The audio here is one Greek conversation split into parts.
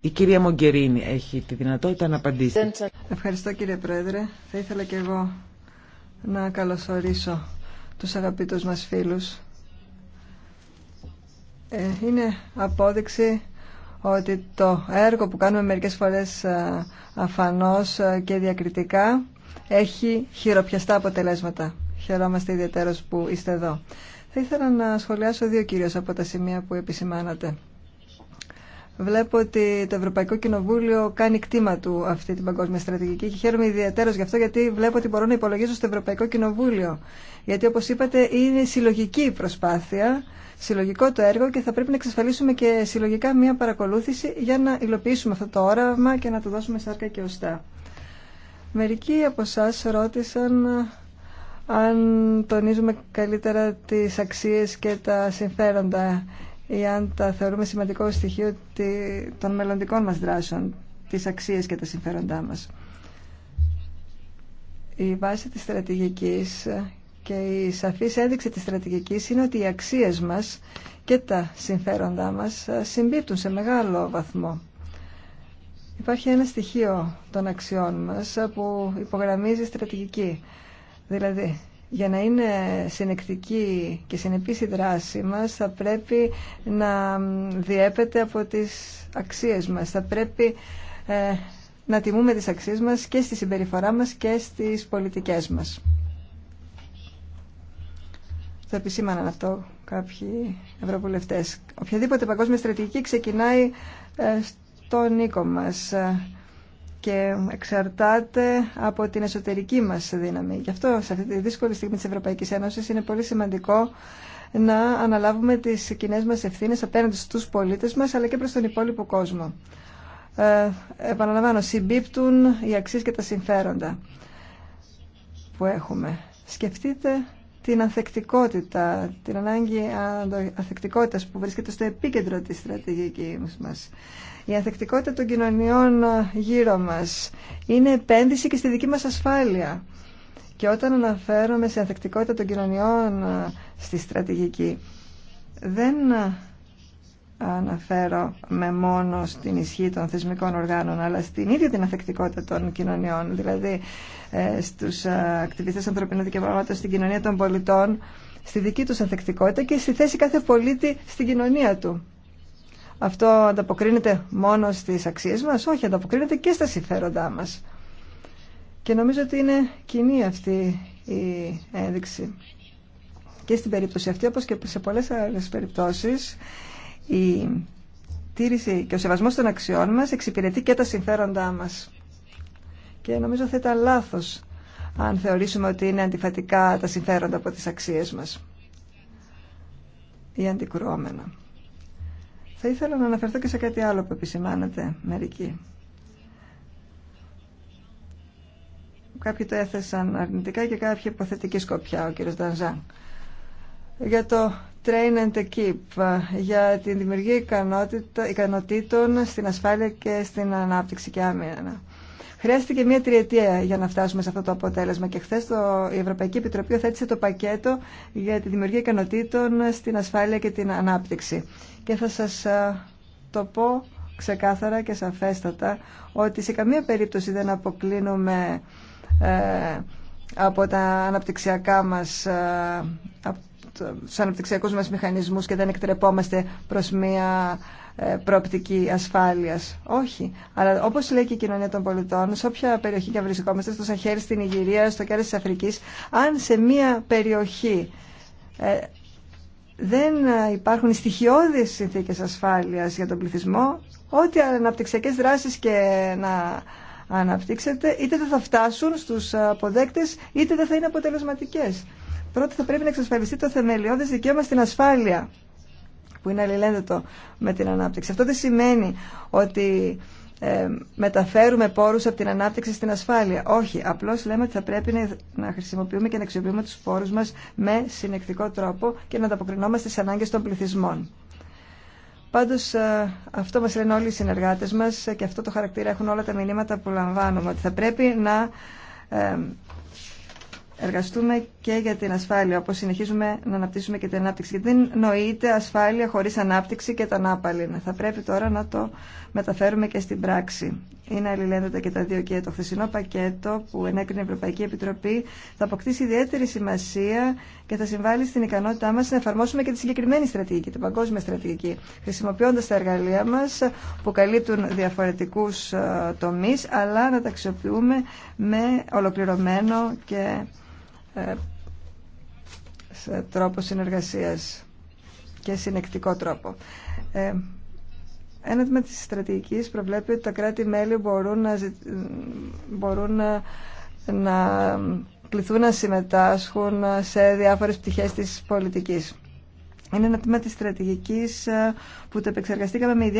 Η κυρία Μογκερίνη έχει τη δυνατότητα να απαντήσει. Ευχαριστώ κύριε Πρόεδρε. Θα ήθελα και εγώ να καλωσορίσω τους αγαπητούς μας φίλους. Ε, είναι απόδειξη ότι το έργο που κάνουμε μερικές φορές ε, αφανώς ε, και διακριτικά έχει χειροπιαστά αποτελέσματα. Χαιρόμαστε ιδιαίτερως που είστε εδώ. Θα ήθελα να σχολιάσω δύο κυρίως από τα σημεία που επισημάνατε. Βλέπω ότι το Ευρωπαϊκό Κοινοβούλιο κάνει κτήμα του αυτή την παγκόσμια στρατηγική και χαίρομαι ιδιαίτερω γι' αυτό γιατί βλέπω ότι μπορώ να υπολογίζω στο Ευρωπαϊκό Κοινοβούλιο. Γιατί όπω είπατε είναι συλλογική προσπάθεια, συλλογικό το έργο και θα πρέπει να εξασφαλίσουμε και συλλογικά μία παρακολούθηση για να υλοποιήσουμε αυτό το όραμα και να το δώσουμε σάρκα και οστά. Μερικοί από εσά ρώτησαν αν τονίζουμε καλύτερα τις αξίες και τα συμφέροντα ή αν τα θεωρούμε σημαντικό στοιχείο των μελλοντικών μας δράσεων, τις αξίες και τα συμφέροντά μας. Η βάση της στρατηγικής και η σαφής ένδειξη της στρατηγικής είναι ότι οι αξίες μας και τα συμφέροντά μας συμπίπτουν σε μεγάλο βαθμό. Υπάρχει ένα στοιχείο των αξιών μας που υπογραμμίζει στρατηγική. Δηλαδή, για να είναι συνεκτική και συνεπής η δράση μας θα πρέπει να διέπεται από τις αξίες μας. Θα πρέπει ε, να τιμούμε τις αξίες μας και στη συμπεριφορά μας και στις πολιτικές μας. Θα επισήμαναν αυτό κάποιοι ευρωβουλευτές. Οποιαδήποτε παγκόσμια στρατηγική ξεκινάει ε, στον οίκο μας και εξαρτάται από την εσωτερική μας δύναμη. Γι' αυτό σε αυτή τη δύσκολη στιγμή της Ευρωπαϊκής Ένωσης είναι πολύ σημαντικό να αναλάβουμε τις κοινέ μας ευθύνες απέναντι στους πολίτες μας αλλά και προς τον υπόλοιπο κόσμο. Ε, επαναλαμβάνω, συμπίπτουν οι αξίες και τα συμφέροντα που έχουμε. Σκεφτείτε την ανθεκτικότητα, την ανάγκη ανθεκτικότητας που βρίσκεται στο επίκεντρο της στρατηγικής μας. Η ανθεκτικότητα των κοινωνιών ε, γύρω μας είναι επένδυση και στη δική μας ασφάλεια. Και όταν αναφέρομαι σε ανθεκτικότητα των κοινωνιών ε, στη στρατηγική, δεν ε, αναφέρω με μόνο στην ισχύ των θεσμικών οργάνων αλλά στην ίδια την αφεκτικότητα των κοινωνιών δηλαδή ε, στους ε, ακτιβιστές ανθρωπινών δικαιωμάτων στην κοινωνία των πολιτών στη δική τους αφεκτικότητα και στη θέση κάθε πολίτη στην κοινωνία του. Αυτό ανταποκρίνεται μόνο στις αξίες μας, όχι ανταποκρίνεται και στα συμφέροντά μας. Και νομίζω ότι είναι κοινή αυτή η ένδειξη. Και στην περίπτωση αυτή, όπως και σε πολλές άλλες περιπτώσεις, η τήρηση και ο σεβασμός των αξιών μας εξυπηρετεί και τα συμφέροντά μας. Και νομίζω θα ήταν λάθος αν θεωρήσουμε ότι είναι αντιφατικά τα συμφέροντα από τις αξίες μας ή αντικρουόμενα. Θα ήθελα να αναφερθώ και σε κάτι άλλο που επισημάνατε μερικοί. Κάποιοι το έθεσαν αρνητικά και κάποιοι υποθετική σκοπιά, ο κύριος Ντανζάν για το Train and Keep, για την δημιουργία ικανοτήτων στην ασφάλεια και στην ανάπτυξη και άμυνα. Χρειάστηκε μία τριετία για να φτάσουμε σε αυτό το αποτέλεσμα και χθε η Ευρωπαϊκή Επιτροπή οθέτησε το πακέτο για τη δημιουργία ικανοτήτων στην ασφάλεια και την ανάπτυξη. Και θα σας το πω ξεκάθαρα και σαφέστατα ότι σε καμία περίπτωση δεν αποκλίνουμε ε, από τα αναπτυξιακά μας ε, τους αναπτυξιακούς μας μηχανισμούς και δεν εκτρεπόμαστε προς μια ε, προοπτική ασφάλειας. Όχι. Αλλά όπως λέει και η κοινωνία των πολιτών, σε όποια περιοχή και βρισκόμαστε, στο Σαχέρι, στην Ιγυρία, στο κέρα της Αφρικής, αν σε μια περιοχή ε, δεν ε, υπάρχουν στοιχειώδεις συνθήκες ασφάλειας για τον πληθυσμό, ό,τι αναπτυξιακές δράσεις και να αναπτύξετε, είτε δεν θα φτάσουν στους αποδέκτες, είτε δεν θα είναι αποτελεσματικές. Πρώτα θα πρέπει να εξασφαλιστεί το θεμελιώδες δικαίωμα στην ασφάλεια που είναι αλληλένδετο με την ανάπτυξη. Αυτό δεν σημαίνει ότι ε, μεταφέρουμε πόρους από την ανάπτυξη στην ασφάλεια. Όχι, απλώς λέμε ότι θα πρέπει να χρησιμοποιούμε και να αξιοποιούμε τους πόρους μας με συνεκτικό τρόπο και να ανταποκρινόμαστε στις ανάγκες των πληθυσμών. Πάντως ε, αυτό μας λένε όλοι οι συνεργάτες μας ε, και αυτό το χαρακτήρα έχουν όλα τα μηνύματα που λαμβάνουμε, ότι θα πρέπει να εργαστούμε και για την ασφάλεια, όπως συνεχίζουμε να αναπτύσσουμε και την ανάπτυξη. Γιατί δεν νοείται ασφάλεια χωρίς ανάπτυξη και τα ανάπαλη. Θα πρέπει τώρα να το μεταφέρουμε και στην πράξη. Είναι αλληλένδετα και τα δύο και το χθεσινό πακέτο που ενέκρινε η Ευρωπαϊκή Επιτροπή θα αποκτήσει ιδιαίτερη σημασία και θα συμβάλλει στην ικανότητά μας να εφαρμόσουμε και τη συγκεκριμένη στρατηγική, την παγκόσμια στρατηγική, χρησιμοποιώντας τα εργαλεία μας που καλύπτουν διαφορετικούς ε, τομεί, αλλά να τα αξιοποιούμε με ολοκληρωμένο και τρόπο συνεργασίας και συνεκτικό τρόπο. Ε, ένα τμήμα της στρατηγικής προβλέπει ότι τα κράτη-μέλη μπορούν να, μπορούν να, κληθούν να συμμετάσχουν σε διάφορες πτυχές της πολιτικής. Είναι ένα τμήμα τη στρατηγική ε, που το επεξεργαστήκαμε με,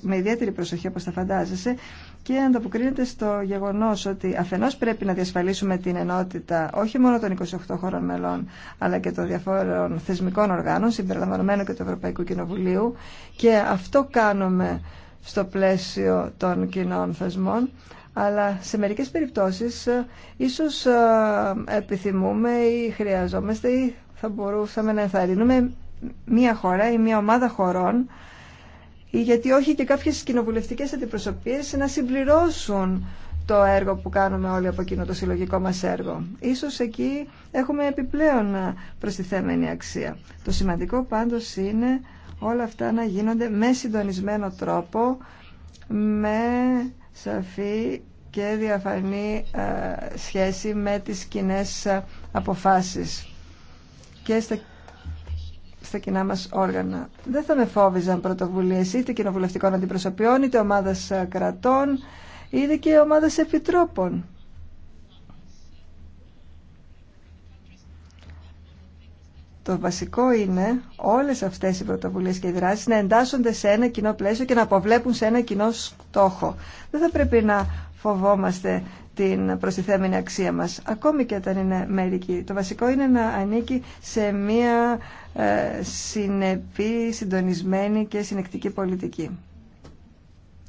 με ιδιαίτερη προσοχή όπω θα φαντάζεσαι και ανταποκρίνεται στο γεγονό ότι αφενό πρέπει να διασφαλίσουμε την ενότητα όχι μόνο των 28 χωρών μελών αλλά και των διαφόρων θεσμικών οργάνων συμπεριλαμβανομένου και του Ευρωπαϊκού Κοινοβουλίου και αυτό κάνουμε στο πλαίσιο των κοινών θεσμών αλλά σε μερικές περιπτώσεις ε, ίσως ε, επιθυμούμε ή χρειαζόμαστε ή θα μπορούσαμε να ενθαρρύνουμε μία χώρα ή μία ομάδα χωρών ή γιατί όχι και κάποιες κοινοβουλευτικέ αντιπροσωπείες να συμπληρώσουν το έργο που κάνουμε όλοι από εκείνο το συλλογικό μας έργο. Ίσως εκεί έχουμε επιπλέον προστιθέμενη αξία. Το σημαντικό πάντως είναι όλα αυτά να γίνονται με συντονισμένο τρόπο, με σαφή και διαφανή ε, σχέση με τις κοινέ ε, αποφάσεις και στα στα κοινά μας όργανα. Δεν θα με φόβιζαν πρωτοβουλίες είτε κοινοβουλευτικών αντιπροσωπιών, είτε ομάδας ε, κρατών, είτε και ομάδας επιτρόπων. Το βασικό είναι όλες αυτές οι πρωτοβουλίες και οι δράσεις να εντάσσονται σε ένα κοινό πλαίσιο και να αποβλέπουν σε ένα κοινό στόχο. Δεν θα πρέπει να φοβόμαστε την προστιθέμενη αξία μας, ακόμη και όταν είναι μερική. Το βασικό είναι να ανήκει σε μια ε, συνεπή, συντονισμένη και συνεκτική πολιτική.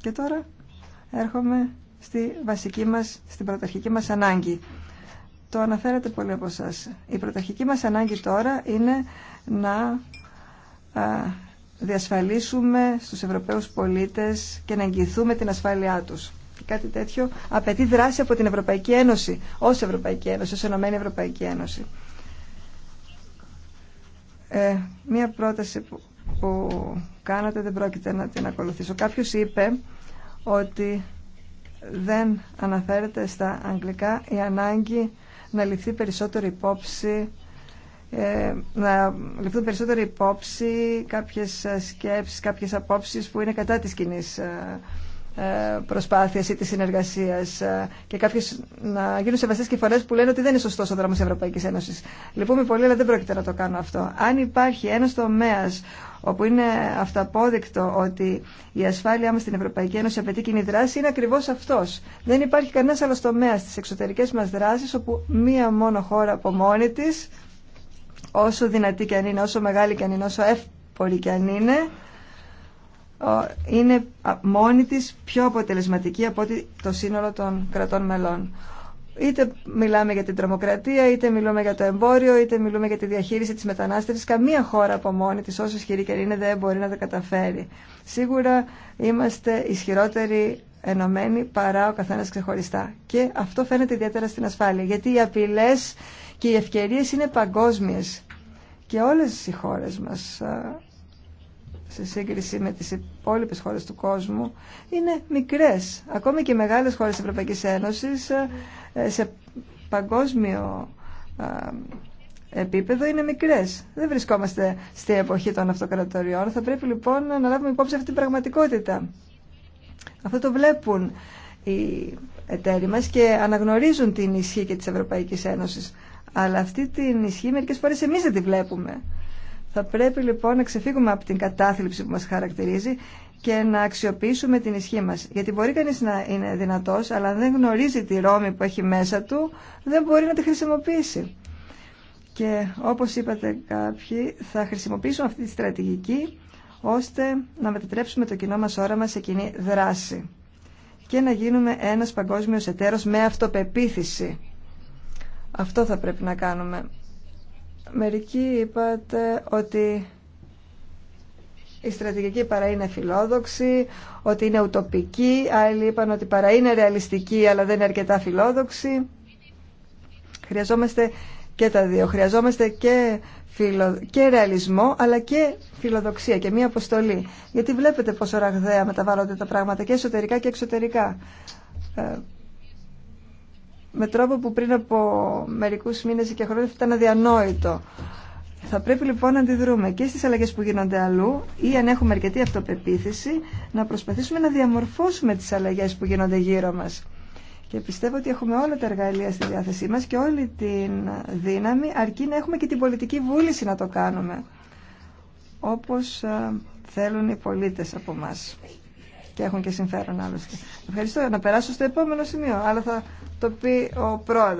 Και τώρα έρχομαι στη βασική μας, στην πρωταρχική μας ανάγκη. Το αναφέρατε πολύ από εσά. Η πρωταρχική μας ανάγκη τώρα είναι να ε, διασφαλίσουμε στους Ευρωπαίους πολίτες και να εγγυηθούμε την ασφάλειά τους κάτι τέτοιο απαιτεί δράση από την Ευρωπαϊκή Ένωση, ως Ευρωπαϊκή Ένωση, ως Ενωμένη Ευρωπαϊκή Ένωση. Ε, μία πρόταση που, που κάνατε δεν πρόκειται να την ακολουθήσω. Κάποιος είπε ότι δεν αναφέρεται στα αγγλικά η ανάγκη να ληφθεί περισσότερη υπόψη ε, να ληφθούν περισσότερο υπόψη κάποιες ε, σκέψεις, κάποιες απόψεις που είναι κατά της κοινή ε, ε, προσπάθειας ή της συνεργασίας ε, και κάποιες να γίνουν σεβαστές και φορές που λένε ότι δεν είναι σωστός ο δρόμος της Ευρωπαϊκής Ένωσης. Λυπούμε πολύ, αλλά δεν πρόκειται να το κάνω αυτό. Αν υπάρχει ένας τομέας όπου είναι αυταπόδεικτο ότι η ασφάλειά μας στην Ευρωπαϊκή Ένωση απαιτεί κοινή δράση, είναι ακριβώς αυτός. Δεν υπάρχει κανένας άλλος τομέας στις εξωτερικές μας δράσεις όπου μία μόνο χώρα από μόνη της, όσο δυνατή και αν είναι, όσο μεγάλη και αν είναι, όσο εύπορη και αν είναι, είναι μόνη της πιο αποτελεσματική από το σύνολο των κρατών μελών. Είτε μιλάμε για την τρομοκρατία, είτε μιλούμε για το εμπόριο, είτε μιλούμε για τη διαχείριση της μετανάστευσης. Καμία χώρα από μόνη της, όσο ισχυρή και είναι, δεν μπορεί να τα καταφέρει. Σίγουρα είμαστε ισχυρότεροι ενωμένοι παρά ο καθένας ξεχωριστά. Και αυτό φαίνεται ιδιαίτερα στην ασφάλεια, γιατί οι απειλέ και οι ευκαιρίες είναι παγκόσμιες. Και όλες οι χώρες μας σε σύγκριση με τις υπόλοιπε χώρες του κόσμου είναι μικρές. Ακόμη και οι μεγάλες χώρες της Ευρωπαϊκής Ένωσης ε, σε παγκόσμιο ε, επίπεδο είναι μικρές. Δεν βρισκόμαστε στην εποχή των αυτοκρατοριών. Θα πρέπει λοιπόν να λάβουμε υπόψη αυτή την πραγματικότητα. Αυτό το βλέπουν οι εταίροι μας και αναγνωρίζουν την ισχύ και της Ευρωπαϊκής Ένωσης. Αλλά αυτή την ισχύ μερικές φορές εμείς δεν τη βλέπουμε. Θα πρέπει λοιπόν να ξεφύγουμε από την κατάθλιψη που μας χαρακτηρίζει και να αξιοποιήσουμε την ισχύ μας. Γιατί μπορεί κανείς να είναι δυνατός, αλλά αν δεν γνωρίζει τη ρόμη που έχει μέσα του, δεν μπορεί να τη χρησιμοποιήσει. Και όπως είπατε κάποιοι, θα χρησιμοποιήσουμε αυτή τη στρατηγική ώστε να μετατρέψουμε το κοινό μας όραμα σε κοινή δράση και να γίνουμε ένας παγκόσμιος εταίρος με αυτοπεποίθηση. Αυτό θα πρέπει να κάνουμε. Μερικοί είπατε ότι η στρατηγική παρά είναι φιλόδοξη, ότι είναι ουτοπική, άλλοι είπαν ότι παρά είναι ρεαλιστική αλλά δεν είναι αρκετά φιλόδοξη. Χρειαζόμαστε και τα δύο. Χρειαζόμαστε και, φιλο... και ρεαλισμό αλλά και φιλοδοξία και μία αποστολή. Γιατί βλέπετε πόσο ραγδαία μεταβάλλονται τα πράγματα και εσωτερικά και εξωτερικά. Ε, με τρόπο που πριν από μερικούς μήνες και χρόνια ήταν αδιανόητο. Θα πρέπει λοιπόν να αντιδρούμε και στις αλλαγές που γίνονται αλλού ή αν έχουμε αρκετή αυτοπεποίθηση να προσπαθήσουμε να διαμορφώσουμε τις αλλαγές που γίνονται γύρω μας. Και πιστεύω ότι έχουμε όλα τα εργαλεία στη διάθεσή μας και όλη την δύναμη αρκεί να έχουμε και την πολιτική βούληση να το κάνουμε όπως ε, θέλουν οι πολίτες από εμά έχουν και συμφέρον άλλωστε. Ευχαριστώ. Να περάσω στο επόμενο σημείο, αλλά θα το πει ο πρόεδρος.